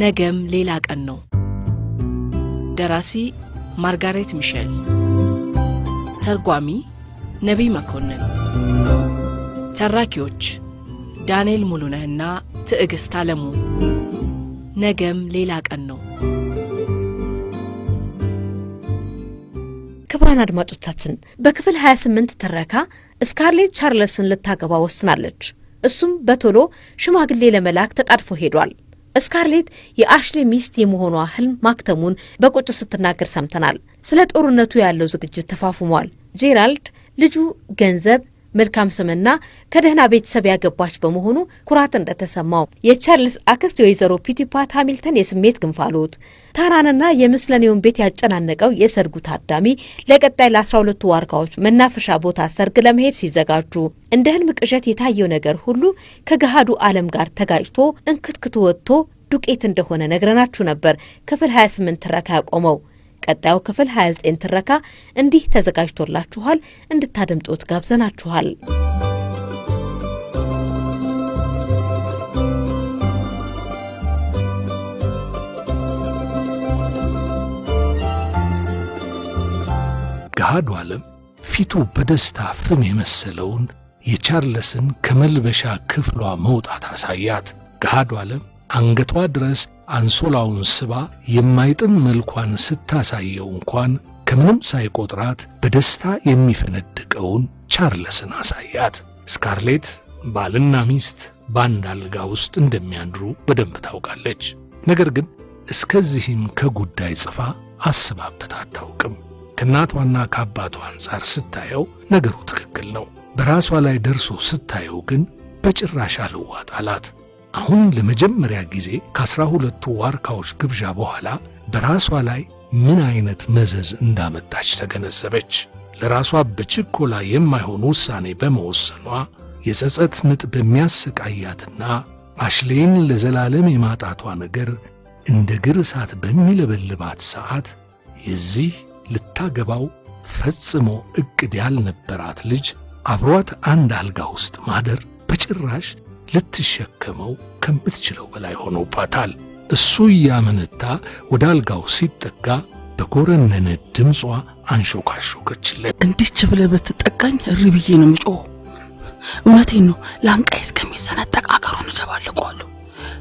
ነገም ሌላ ቀን ነው። ደራሲ ማርጋሬት ሚሸል ተርጓሚ ነቢይ መኮንን፣ ተራኪዎች ዳንኤል ሙሉነህና ትዕግሥት አለሙ። ነገም ሌላ ቀን ነው። ክቡራን አድማጮቻችን በክፍል 28 ትረካ ስካርሌት ቻርለስን ልታገባ ወስናለች። እሱም በቶሎ ሽማግሌ ለመላክ ተጣድፎ ሄዷል። እስካርሌት የአሽሌ ሚስት የመሆኗ ህልም ማክተሙን በቁጭ ስትናገር ሰምተናል። ስለ ጦርነቱ ያለው ዝግጅት ተፋፍሟል። ጄራልድ ልጁ ገንዘብ መልካም ስምና ከደህና ቤተሰብ ያገባች በመሆኑ ኩራት እንደተሰማው የቻርልስ አክስት የወይዘሮ ፒቲፓት ሀሚልተን የስሜት ግንፋሎት ታራንና የምስለኔውን ቤት ያጨናነቀው የሰርጉ ታዳሚ ለቀጣይ ለአስራ ሁለቱ ዋርካዎች መናፈሻ ቦታ ሰርግ ለመሄድ ሲዘጋጁ እንደ ህልም ቅዠት የታየው ነገር ሁሉ ከገሃዱ ዓለም ጋር ተጋጭቶ እንክትክቱ ወጥቶ ዱቄት እንደሆነ ነግረናችሁ ነበር። ክፍል 28 ትረካ ያቆመው ቀጣዩ ክፍል 29 ትረካ እንዲህ ተዘጋጅቶላችኋል፣ እንድታደምጡት ጋብዘናችኋል። ገሃዱ ዓለም ፊቱ በደስታ ፍም የመሰለውን የቻርለስን ከመልበሻ ክፍሏ መውጣት አሳያት። ገሃዱ ዓለም አንገቷ ድረስ አንሶላውን ስባ የማይጥም መልኳን ስታሳየው እንኳን ከምንም ሳይቆጥራት በደስታ የሚፈነድቀውን ቻርለስን አሳያት። ስካርሌት ባልና ሚስት በአንድ አልጋ ውስጥ እንደሚያድሩ በደንብ ታውቃለች። ነገር ግን እስከዚህም ከጉዳይ ጽፋ አስባበት አታውቅም። ከእናቷና ከአባቷ አንጻር ስታየው ነገሩ ትክክል ነው። በራሷ ላይ ደርሶ ስታየው ግን በጭራሽ አልዋጣላት። አሁን ለመጀመሪያ ጊዜ ከአስራ ሁለቱ ዋርካዎች ግብዣ በኋላ በራሷ ላይ ምን አይነት መዘዝ እንዳመጣች ተገነዘበች። ለራሷ በችኮላ የማይሆን ውሳኔ በመወሰኗ የጸጸት ምጥ በሚያሰቃያትና አሽሌን ለዘላለም የማጣቷ ነገር እንደ ግር እሳት በሚለበልባት ሰዓት የዚህ ልታገባው ፈጽሞ ዕቅድ ያልነበራት ልጅ አብሯት አንድ አልጋ ውስጥ ማደር በጭራሽ ልትሸከመው ከምትችለው በላይ ሆኖባታል። እሱ እያመነታ ወደ አልጋው ሲጠጋ በጎረነነ ድምጿ አንሾካሾከችለት። እንዲች ብለህ ብትጠጋኝ እሪ ብዬ ነው ምጮ። እውነቴን ነው። ላንቃዬ እስከሚሰነጠቅ አገሩን እደባልቀዋለሁ።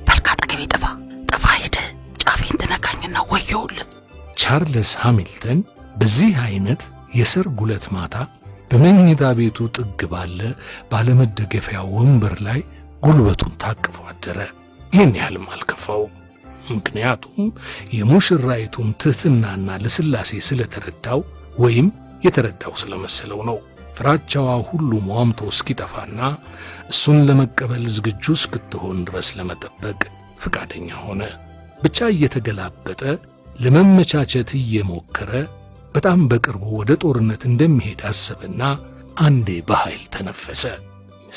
በልካ ጠገቤ ጥፋ ጥፋ፣ ሄደ ጫፌን ትነካኝና ወየውልን። ቻርልስ ሃሚልተን በዚህ አይነት የሰርግ ሁለት ማታ በመኝታ ቤቱ ጥግ ባለ ባለመደገፊያ ወንበር ላይ ጉልበቱን ታቅፎ አደረ። ይህን ያህልም አልከፋውም። ምክንያቱም የሙሽራይቱን ትሕትናና ልስላሴ ስለተረዳው ወይም የተረዳው ስለመሰለው ነው። ፍራቻዋ ሁሉ ሟምቶ እስኪጠፋና እሱን ለመቀበል ዝግጁ እስክትሆን ድረስ ለመጠበቅ ፍቃደኛ ሆነ። ብቻ እየተገላበጠ ለመመቻቸት እየሞከረ በጣም በቅርቡ ወደ ጦርነት እንደሚሄድ አሰበና አንዴ በኃይል ተነፈሰ።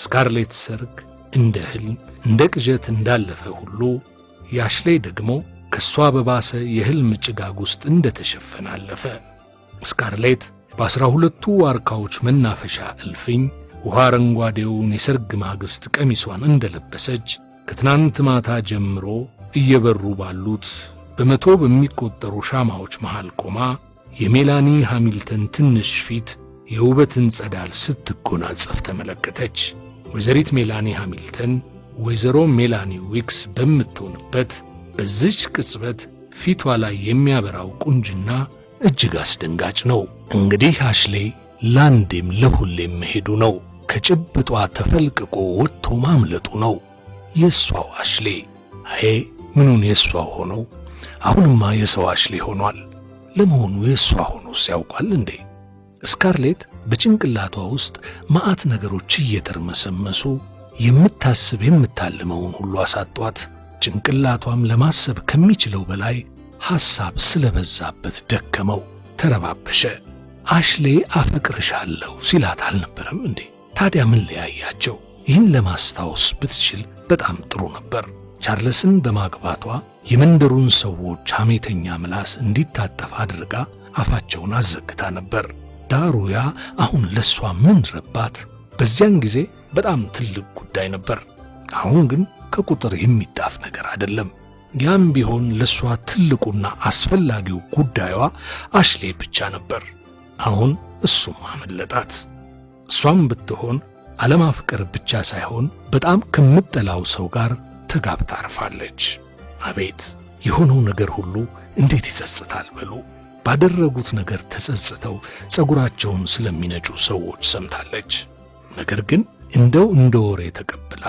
ስካርሌት ሰርግ እንደ ህልም እንደ ቅዠት እንዳለፈ ሁሉ ያሽሌ ደግሞ ከሷ በባሰ የህልም ጭጋግ ውስጥ ተሸፈነ አለፈ። ስካርሌት በአስራ ሁለቱ ዋርካዎች መናፈሻ እልፍኝ ውሃ አረንጓዴውን የሰርግ ማግስት ቀሚሷን እንደለበሰች ከትናንት ማታ ጀምሮ እየበሩ ባሉት በመቶ በሚቆጠሩ ሻማዎች መሃል ቆማ የሜላኒ ሃሚልተን ትንሽ ፊት የውበትን ጸዳል ስትጎናጸፍ ተመለከተች። ወይዘሪት ሜላኒ ሃሚልተን ወይዘሮ ሜላኒ ዊክስ በምትሆንበት በዚች ቅጽበት ፊቷ ላይ የሚያበራው ቁንጅና እጅግ አስደንጋጭ ነው። እንግዲህ አሽሌ ላንዴም ለሁሌም መሄዱ ነው። ከጭብጧ ተፈልቅቆ ወጥቶ ማምለጡ ነው። የእሷው አሽሌ አዬ ምኑን የእሷ ሆኖ አሁንማ የሰው አሽሌ ሆኗል። ለመሆኑ የእሷ ሆኖስ ያውቃል እንዴ? ስካርሌት በጭንቅላቷ ውስጥ ማዕት ነገሮች እየተርመሰመሱ የምታስብ የምታልመውን ሁሉ አሳጧት። ጭንቅላቷም ለማሰብ ከሚችለው በላይ ሐሳብ ስለበዛበት ደከመው፣ ተረባበሸ። አሽሌ አፈቅርሻለሁ ሲላት አልነበረም እንዴ? ታዲያ ምን ለያያቸው? ይህን ለማስታወስ ብትችል በጣም ጥሩ ነበር። ቻርልስን በማግባቷ የመንደሩን ሰዎች ሐሜተኛ ምላስ እንዲታጠፍ አድርጋ አፋቸውን አዘግታ ነበር። ዳሩያ አሁን ለሷ ምን ረባት? በዚያን ጊዜ በጣም ትልቅ ጉዳይ ነበር። አሁን ግን ከቁጥር የሚዳፍ ነገር አይደለም። ያም ቢሆን ለሷ ትልቁና አስፈላጊው ጉዳዩዋ አሽሌ ብቻ ነበር። አሁን እሱም አመለጣት። እሷም ብትሆን ዓለማፍቀር ብቻ ሳይሆን በጣም ከምጠላው ሰው ጋር ተጋብታ አርፋለች። አቤት የሆነው ነገር ሁሉ እንዴት ይጸጽታል! በሉ ባደረጉት ነገር ተጸጽተው ጸጉራቸውን ስለሚነጩ ሰዎች ሰምታለች። ነገር ግን እንደው እንደ ወሬ ተቀብላ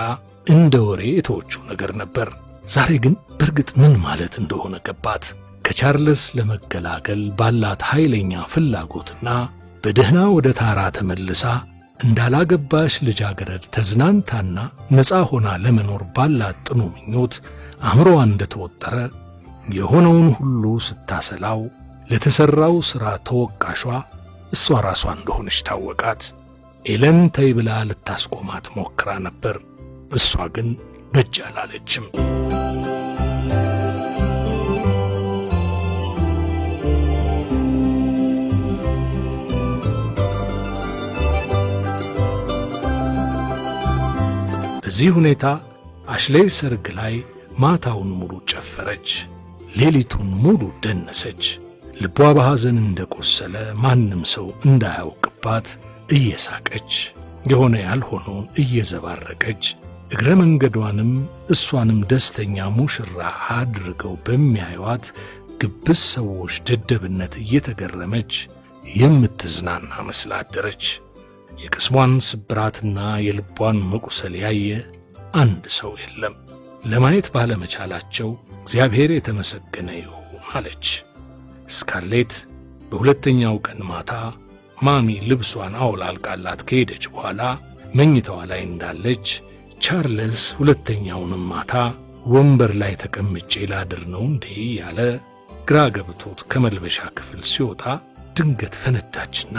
እንደ ወሬ የተወችው ነገር ነበር። ዛሬ ግን በእርግጥ ምን ማለት እንደሆነ ገባት። ከቻርለስ ለመገላገል ባላት ኃይለኛ ፍላጎትና በደህና ወደ ታራ ተመልሳ እንዳላገባሽ ልጃገረድ ተዝናንታና ነፃ ሆና ለመኖር ባላት ጥኑ ምኞት አእምሮዋ እንደተወጠረ የሆነውን ሁሉ ስታሰላው ለተሰራው ሥራ ተወቃሿ እሷ ራሷ እንደሆነች ታወቃት። ኤለን ተይ ብላ ልታስቆማት ሞክራ ነበር። እሷ ግን በጅ አላለችም። በዚህ ሁኔታ አሽሌይ ሰርግ ላይ ማታውን ሙሉ ጨፈረች፣ ሌሊቱን ሙሉ ደነሰች። ልቧ በሐዘን እንደቆሰለ ማንም ሰው እንዳያውቅባት እየሳቀች የሆነ ያልሆነውን እየዘባረቀች እግረ መንገዷንም እሷንም ደስተኛ ሙሽራ አድርገው በሚያዩዋት ግብስ ሰዎች ደደብነት እየተገረመች የምትዝናና መስላ አደረች። የቅስሟን ስብራትና የልቧን መቁሰል ያየ አንድ ሰው የለም። ለማየት ባለመቻላቸው እግዚአብሔር የተመሰገነ ይሁን አለች። ስካርሌት በሁለተኛው ቀን ማታ ማሚ ልብሷን አውላልቃላት ከሄደች በኋላ መኝታዋ ላይ እንዳለች ቻርልስ ሁለተኛውንም ማታ ወንበር ላይ ተቀምጬ ላድር ነው እንዴ ያለ ግራ ገብቶት ከመልበሻ ክፍል ሲወጣ ድንገት ፈነዳችና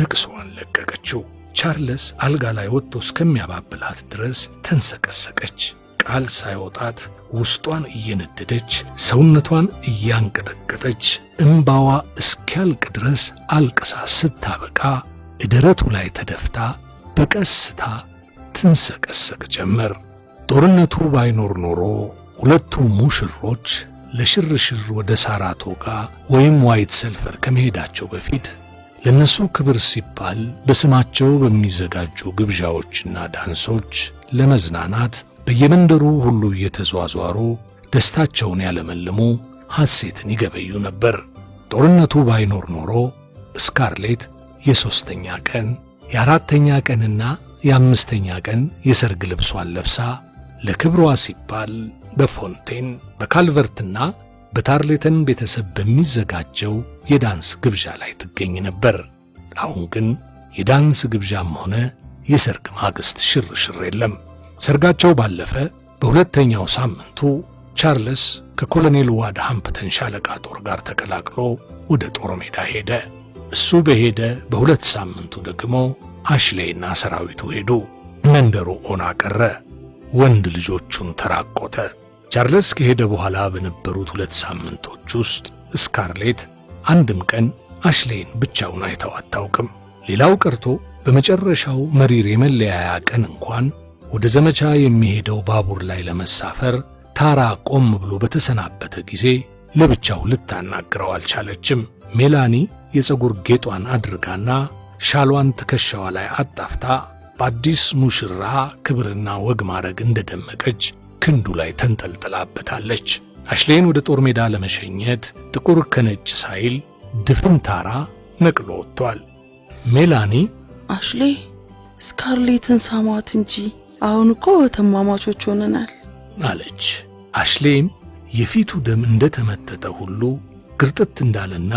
ለቅሶዋን ለቀቀችው። ቻርለስ አልጋ ላይ ወጥቶ እስከሚያባብላት ድረስ ተንሰቀሰቀች። ቃል ሳይወጣት ውስጧን እየነደደች ሰውነቷን እያንቀጠቀጠች እምባዋ እስኪያልቅ ድረስ አልቅሳ ስታበቃ እደረቱ ላይ ተደፍታ በቀስታ ትንሰቀሰቅ ጀመር። ጦርነቱ ባይኖር ኖሮ ሁለቱ ሙሽሮች ለሽርሽር ወደ ሳራቶጋ ወይም ዋይት ሰልፈር ከመሄዳቸው በፊት ለእነሱ ክብር ሲባል በስማቸው በሚዘጋጁ ግብዣዎችና ዳንሶች ለመዝናናት በየመንደሩ ሁሉ እየተዟዟሩ ደስታቸውን ያለመልሙ፣ ሐሴትን ይገበዩ ነበር። ጦርነቱ ባይኖር ኖሮ ስካርሌት የሦስተኛ ቀን የአራተኛ ቀንና የአምስተኛ ቀን የሰርግ ልብሷን ለብሳ ለክብሯ ሲባል በፎንቴን በካልቨርትና በታርሌተን ቤተሰብ በሚዘጋጀው የዳንስ ግብዣ ላይ ትገኝ ነበር። አሁን ግን የዳንስ ግብዣም ሆነ የሰርግ ማግስት ሽርሽር የለም። ሰርጋቸው ባለፈ በሁለተኛው ሳምንቱ ቻርልስ ከኮሎኔል ዋድ ሃምፕተን ሻለቃ ጦር ጋር ተቀላቅሎ ወደ ጦር ሜዳ ሄደ። እሱ በሄደ በሁለት ሳምንቱ ደግሞ አሽሌይና ሰራዊቱ ሄዱ። መንደሩ ኦና ቀረ። ወንድ ልጆቹን ተራቆተ። ቻርለስ ከሄደ በኋላ በነበሩት ሁለት ሳምንቶች ውስጥ ስካርሌት አንድም ቀን አሽሌን ብቻውን አይተው አታውቅም። ሌላው ቀርቶ በመጨረሻው መሪር የመለያያ ቀን እንኳን ወደ ዘመቻ የሚሄደው ባቡር ላይ ለመሳፈር ታራ ቆም ብሎ በተሰናበተ ጊዜ ለብቻው ልታናግረው አልቻለችም። ሜላኒ የፀጉር ጌጧን አድርጋና ሻሏን ትከሻዋ ላይ አጣፍታ በአዲስ ሙሽራ ክብርና ወግ ማድረግ እንደደመቀች ክንዱ ላይ ተንጠልጥላበታለች። አሽሌን ወደ ጦር ሜዳ ለመሸኘት ጥቁር ከነጭ ሳይል ድፍን ታራ ነቅሎ ወጥቷል። ሜላኒ አሽሌ ስካርሌትን ሳማት እንጂ አሁን እኮ ተማማቾች ሆነናል አለች። አሽሌም የፊቱ ደም እንደተመተተ ሁሉ ግርጥት እንዳለና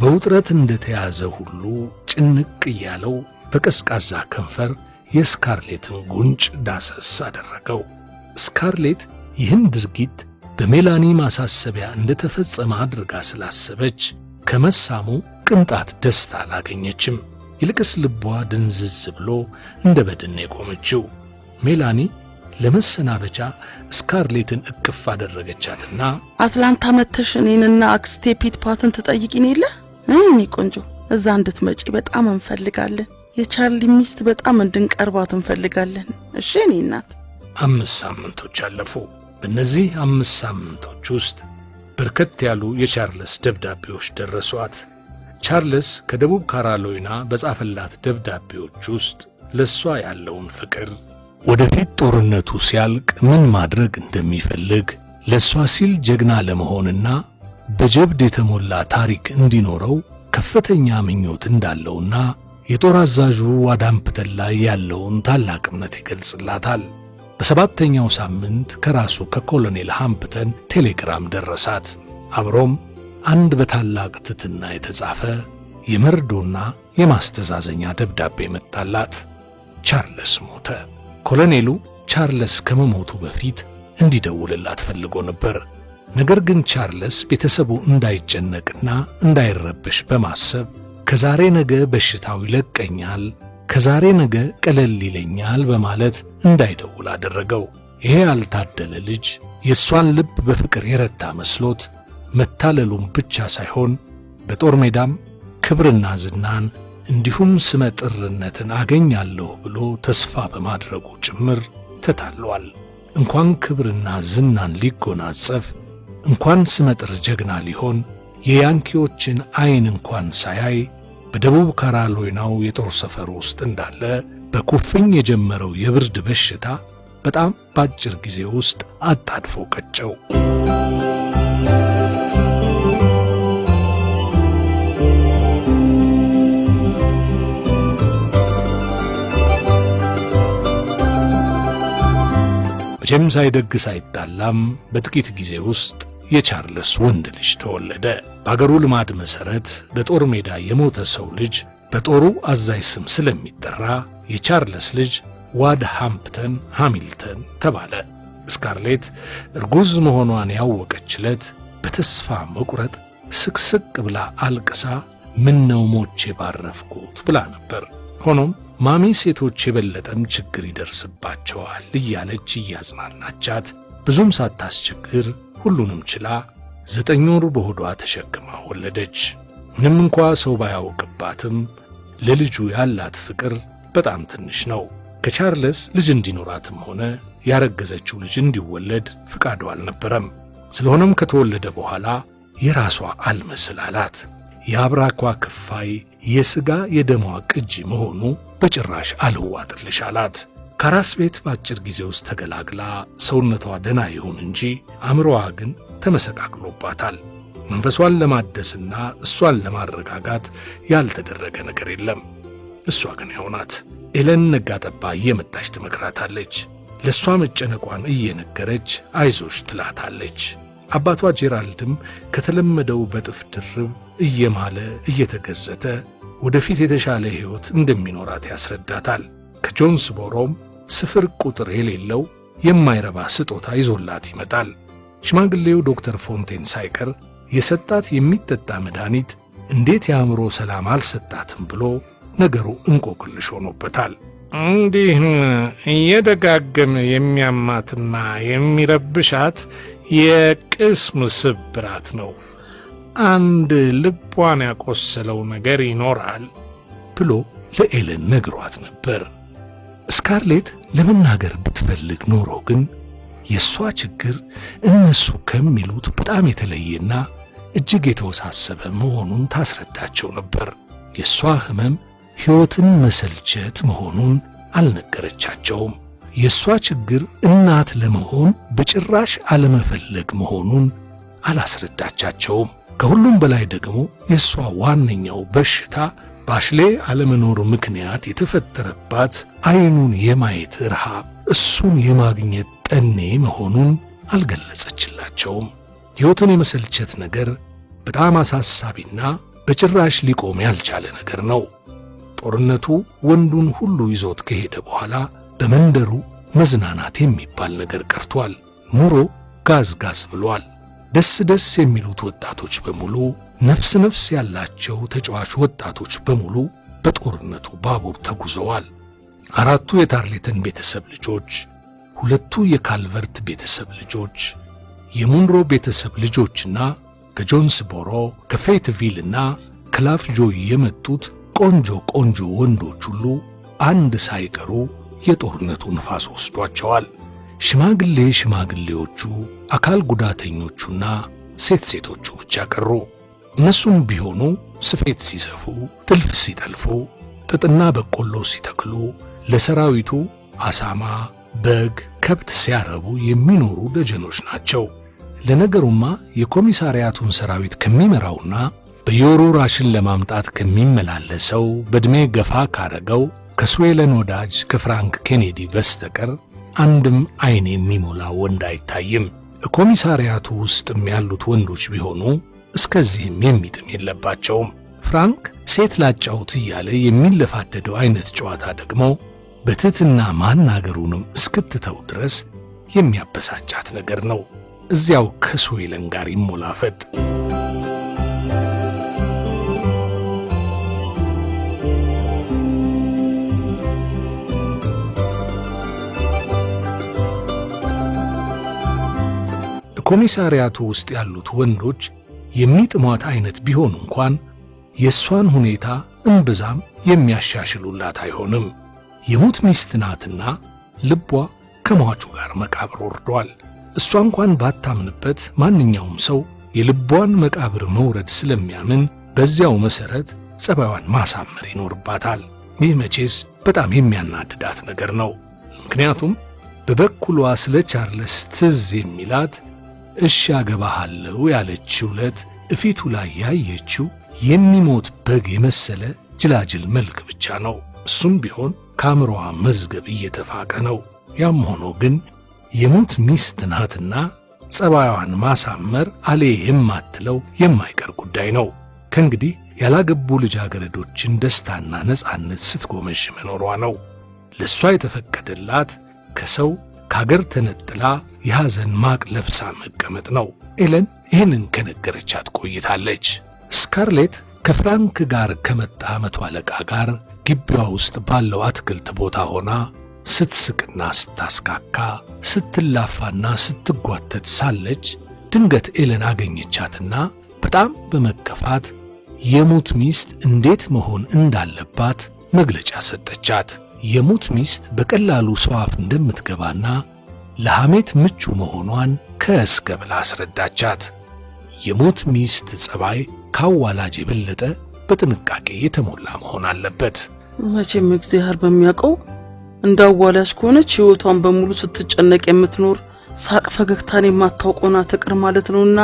በውጥረት እንደተያዘ ሁሉ ጭንቅ እያለው በቀዝቃዛ ከንፈር የስካርሌትን ጉንጭ ዳሰስ አደረገው። ስካርሌት ይህን ድርጊት በሜላኒ ማሳሰቢያ እንደተፈጸመ አድርጋ ስላሰበች ከመሳሙ ቅንጣት ደስታ አላገኘችም። ይልቅስ ልቧ ድንዝዝ ብሎ እንደ በድን የቆመችው። ሜላኒ ለመሰናበቻ ስካርሌትን እቅፍ አደረገቻትና አትላንታ መተሽ እኔንና አክስቴ ፒት ፓትን ትጠይቂን የለ እኔ ቆንጆ እዛ እንድትመጪ በጣም እንፈልጋለን። የቻርሊ ሚስት በጣም እንድንቀርባት እንፈልጋለን። እሺ እኔ እናት አምስት ሳምንቶች አለፉ። በእነዚህ አምስት ሳምንቶች ውስጥ በርከት ያሉ የቻርልስ ደብዳቤዎች ደረሷት። ቻርልስ ከደቡብ ካራሎይና በጻፈላት ደብዳቤዎች ውስጥ ለእሷ ያለውን ፍቅር፣ ወደፊት ጦርነቱ ሲያልቅ ምን ማድረግ እንደሚፈልግ ለእሷ ሲል ጀግና ለመሆንና በጀብድ የተሞላ ታሪክ እንዲኖረው ከፍተኛ ምኞት እንዳለውና የጦር አዛዡ ዋዳምፕተን ላይ ያለውን ታላቅነት ይገልጽላታል። በሰባተኛው ሳምንት ከራሱ ከኮሎኔል ሃምፕተን ቴሌግራም ደረሳት። አብሮም አንድ በታላቅ ትትና የተጻፈ የመርዶና የማስተዛዘኛ ደብዳቤ መጣላት። ቻርለስ ሞተ። ኮሎኔሉ ቻርለስ ከመሞቱ በፊት እንዲደውልላት ፈልጎ ነበር። ነገር ግን ቻርለስ ቤተሰቡ እንዳይጨነቅና እንዳይረበሽ በማሰብ ከዛሬ ነገ በሽታው ይለቀኛል ከዛሬ ነገ ቀለል ይለኛል በማለት እንዳይደውል አደረገው። ይሄ ያልታደለ ልጅ የእሷን ልብ በፍቅር የረታ መስሎት መታለሉም ብቻ ሳይሆን በጦር ሜዳም ክብርና ዝናን እንዲሁም ስመ ጥርነትን አገኛለሁ ብሎ ተስፋ በማድረጉ ጭምር ተታሏል። እንኳን ክብርና ዝናን ሊጎናጸፍ እንኳን ስመጥር ጀግና ሊሆን የያንኪዎችን ዐይን እንኳን ሳያይ በደቡብ ካራሎይናው የጦር ሰፈር ውስጥ እንዳለ በኩፍኝ የጀመረው የብርድ በሽታ በጣም በአጭር ጊዜ ውስጥ አጣድፎ ቀጨው። መቼም ሳይደግ ሳይጣላም በጥቂት ጊዜ ውስጥ የቻርልስ ወንድ ልጅ ተወለደ። በአገሩ ልማድ መሠረት በጦር ሜዳ የሞተ ሰው ልጅ በጦሩ አዛዥ ስም ስለሚጠራ የቻርልስ ልጅ ዋድ ሃምፕተን ሃሚልተን ተባለ። ስካርሌት እርጉዝ መሆኗን ያወቀችለት በተስፋ መቁረጥ ስቅስቅ ብላ አልቅሳ ምን ነው ሞቼ ባረፍኩት ብላ ነበር። ሆኖም ማሚ ሴቶች የበለጠም ችግር ይደርስባቸዋል እያለች እያጽናናቻት ብዙም ሳታስቸግር ሁሉንም ችላ ዘጠኝ ወር በሆዷ ተሸክማ ወለደች። ምንም እንኳ ሰው ባያውቅባትም ለልጁ ያላት ፍቅር በጣም ትንሽ ነው። ከቻርለስ ልጅ እንዲኖራትም ሆነ ያረገዘችው ልጅ እንዲወለድ ፍቃዱ አልነበረም። ስለሆነም ከተወለደ በኋላ የራሷ አልመስል አላት። የአብራኳ ክፋይ የሥጋ የደሟ ቅጂ መሆኑ በጭራሽ አልዋጥልሽ አላት። ከራስ ቤት በአጭር ጊዜ ውስጥ ተገላግላ ሰውነቷ ደና ይሁን እንጂ አእምሮዋ ግን ተመሰቃቅሎባታል። መንፈሷን ለማደስና እሷን ለማረጋጋት ያልተደረገ ነገር የለም። እሷ ግን ያውናት ኤለን ነጋጠባ እየመጣች ትመክራታለች። ለእሷ መጨነቋን እየነገረች አይዞሽ ትላታለች። አባቷ ጄራልድም ከተለመደው በጥፍ ድርብ እየማለ እየተገዘተ ወደፊት የተሻለ ሕይወት እንደሚኖራት ያስረዳታል። ከጆንስ ቦሮም ስፍር ቁጥር የሌለው የማይረባ ስጦታ ይዞላት ይመጣል። ሽማግሌው ዶክተር ፎንቴን ሳይቀር የሰጣት የሚጠጣ መድኃኒት እንዴት የአእምሮ ሰላም አልሰጣትም ብሎ ነገሩ እንቆቅልሽ ሆኖበታል። እንዲህ እየደጋገመ የሚያማትና የሚረብሻት የቅስም ስብራት ነው። አንድ ልቧን ያቆሰለው ነገር ይኖራል ብሎ ለኤለን ነግሯት ነበር። ስካርሌት ለመናገር ብትፈልግ ኖሮ ግን የእሷ ችግር እነሱ ከሚሉት በጣም የተለየና እጅግ የተወሳሰበ መሆኑን ታስረዳቸው ነበር። የእሷ ህመም ሕይወትን መሰልቸት መሆኑን አልነገረቻቸውም። የእሷ ችግር እናት ለመሆን በጭራሽ አለመፈለግ መሆኑን አላስረዳቻቸውም። ከሁሉም በላይ ደግሞ የእሷ ዋነኛው በሽታ ባሽሌ አለመኖር ምክንያት የተፈጠረባት አይኑን የማየት ረሃብ እሱን የማግኘት ጠኔ መሆኑን አልገለጸችላቸውም። ሕይወትን የመሰልቸት ነገር በጣም አሳሳቢና በጭራሽ ሊቆም ያልቻለ ነገር ነው። ጦርነቱ ወንዱን ሁሉ ይዞት ከሄደ በኋላ በመንደሩ መዝናናት የሚባል ነገር ቀርቷል። ኑሮ ጋዝ ጋዝ ብሏል። ደስ ደስ የሚሉት ወጣቶች በሙሉ ነፍስ ነፍስ ያላቸው ተጫዋች ወጣቶች በሙሉ በጦርነቱ ባቡር ተጉዘዋል። አራቱ የታርሌተን ቤተሰብ ልጆች፣ ሁለቱ የካልቨርት ቤተሰብ ልጆች፣ የሙንሮ ቤተሰብ ልጆችና ከጆንስቦሮ ከፌትቪልና ከላፍጆይ የመጡት ቆንጆ ቆንጆ ወንዶች ሁሉ አንድ ሳይቀሩ የጦርነቱ ንፋስ ወስዷቸዋል። ሽማግሌ ሽማግሌዎቹ፣ አካል ጉዳተኞቹና ሴት ሴቶቹ ብቻ ቀሩ። እነሱም ቢሆኑ ስፌት ሲሰፉ፣ ጥልፍ ሲጠልፉ፣ ጥጥና በቆሎ ሲተክሉ፣ ለሰራዊቱ አሳማ፣ በግ፣ ከብት ሲያረቡ የሚኖሩ ደጀኖች ናቸው። ለነገሩማ የኮሚሳሪያቱን ሰራዊት ከሚመራውና በየወሩ ራሽን ለማምጣት ከሚመላለሰው በዕድሜ ገፋ ካረገው ከስዌለን ወዳጅ ከፍራንክ ኬኔዲ በስተቀር አንድም አይን የሚሞላ ወንድ አይታይም። ኮሚሳሪያቱ ውስጥም ያሉት ወንዶች ቢሆኑ እስከዚህም የሚጥም የለባቸውም። ፍራንክ ሴት ላጫውት እያለ የሚለፋደደው አይነት ጨዋታ ደግሞ በትህትና ማናገሩንም እስክትተው ድረስ የሚያበሳጫት ነገር ነው። እዚያው ከሶይለን ጋር ፈጥ ኮሚሳሪያቱ ውስጥ ያሉት ወንዶች የሚጥሟት አይነት ቢሆን እንኳን የእሷን ሁኔታ እምብዛም የሚያሻሽሉላት አይሆንም። የሙት ሚስት ናትና ልቧ ከሟቹ ጋር መቃብር ወርዷል። እሷ እንኳን ባታምንበት ማንኛውም ሰው የልቧን መቃብር መውረድ ስለሚያምን በዚያው መሰረት ጸባዋን ማሳመር ይኖርባታል። ይህ መቼስ በጣም የሚያናድዳት ነገር ነው። ምክንያቱም በበኩሏ ስለ ቻርለስ ትዝ የሚላት እሺ አገባሃለሁ ያለችው ዕለት እፊቱ ላይ ያየችው የሚሞት በግ የመሰለ ጅላጅል መልክ ብቻ ነው። እሱም ቢሆን ከአእምሯ መዝገብ እየተፋቀ ነው። ያም ሆኖ ግን የሞት ሚስት ናትና ጸባዩዋን ማሳመር አሌ የማትለው የማይቀር ጉዳይ ነው። ከእንግዲህ ያላገቡ ልጃገረዶችን ደስታና ነጻነት ስትጎመዥ መኖሯ ነው። ለእሷ የተፈቀደላት ከሰው ከአገር ተነጥላ የሐዘን ማቅ ለብሳ መቀመጥ ነው። ኤለን ይህንን ከነገረቻት ቆይታለች። ስካርሌት ከፍራንክ ጋር ከመጣ መቶ አለቃ ጋር ግቢዋ ውስጥ ባለው አትክልት ቦታ ሆና ስትስቅና ስታስካካ ስትላፋና ስትጓተት ሳለች ድንገት ኤለን አገኘቻትና በጣም በመከፋት የሙት ሚስት እንዴት መሆን እንዳለባት መግለጫ ሰጠቻት። የሙት ሚስት በቀላሉ ሰው አፍ እንደምትገባና ለሐሜት ምቹ መሆኗን ከእስከ ብላ አስረዳቻት። የሙት ሚስት ጸባይ ካዋላጅ የበለጠ በጥንቃቄ የተሞላ መሆን አለበት። መቼም እግዚአብሔር በሚያውቀው እንዳዋላጅ ከሆነች ሕይወቷን በሙሉ ስትጨነቅ የምትኖር ሳቅ ፈገግታን የማታውቀውና ትቅር ማለት ነውና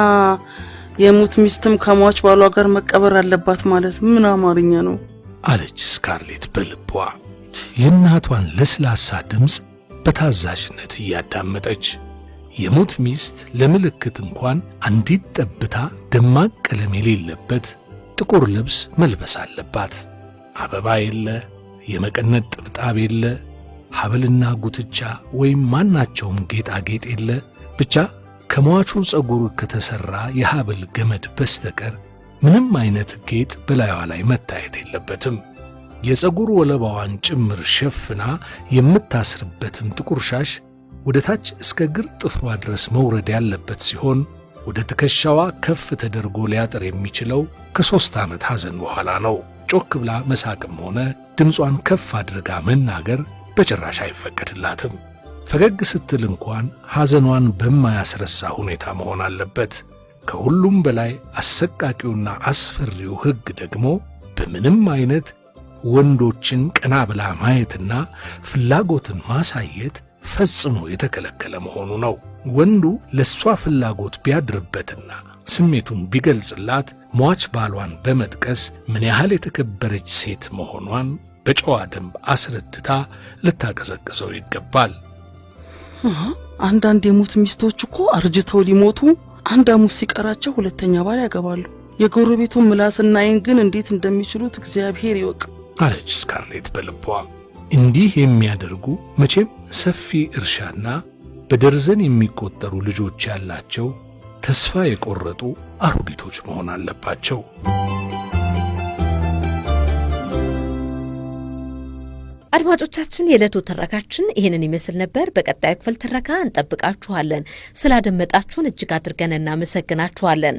የሙት ሚስትም ከሟች ባሏ ጋር መቀበር አለባት ማለት ምን አማርኛ ነው? አለች ስካርሌት በልቧ። የእናቷን ለስላሳ ድምፅ በታዛዥነት እያዳመጠች የሙት ሚስት ለምልክት እንኳን አንዲት ጠብታ ደማቅ ቀለም የሌለበት ጥቁር ልብስ መልበስ አለባት። አበባ የለ፣ የመቀነት ጥብጣብ የለ፣ ሐብልና ጉትቻ ወይም ማናቸውም ጌጣጌጥ የለ። ብቻ ከሟቹ ፀጉር ከተሠራ የሐብል ገመድ በስተቀር ምንም አይነት ጌጥ በላይዋ ላይ መታየት የለበትም። የፀጉር ወለባዋን ጭምር ሸፍና የምታስርበትም ጥቁር ሻሽ ወደ ታች እስከ ግር ጥፍሯ ድረስ መውረድ ያለበት ሲሆን ወደ ትከሻዋ ከፍ ተደርጎ ሊያጠር የሚችለው ከሦስት ዓመት ሐዘን በኋላ ነው። ጮክ ብላ መሳቅም ሆነ ድምጿን ከፍ አድርጋ መናገር በጭራሽ አይፈቀድላትም። ፈገግ ስትል እንኳን ሐዘኗን በማያስረሳ ሁኔታ መሆን አለበት። ከሁሉም በላይ አሰቃቂውና አስፈሪው ሕግ ደግሞ በምንም አይነት ወንዶችን ቀና ብላ ማየትና ፍላጎትን ማሳየት ፈጽሞ የተከለከለ መሆኑ ነው። ወንዱ ለእሷ ፍላጎት ቢያድርበትና ስሜቱን ቢገልጽላት ሟች ባሏን በመጥቀስ ምን ያህል የተከበረች ሴት መሆኗን በጨዋ ደንብ አስረድታ ልታቀሰቅሰው ይገባል። አንዳንድ የሙት ሚስቶች እኮ አርጅተው ሊሞቱ አንድ አሙስ ሲቀራቸው ሁለተኛ ባል ያገባሉ። የጎረቤቱን ምላስና ዓይን ግን እንዴት እንደሚችሉት እግዚአብሔር ይወቅ። አለች ስካርሌት በልቧ። እንዲህ የሚያደርጉ መቼም ሰፊ እርሻና በደርዘን የሚቆጠሩ ልጆች ያላቸው ተስፋ የቆረጡ አሮጊቶች መሆን አለባቸው። አድማጮቻችን፣ የዕለቱ ትረካችን ይህንን ይመስል ነበር። በቀጣዩ ክፍል ትረካ እንጠብቃችኋለን። ስላደመጣችሁን እጅግ አድርገን እናመሰግናችኋለን።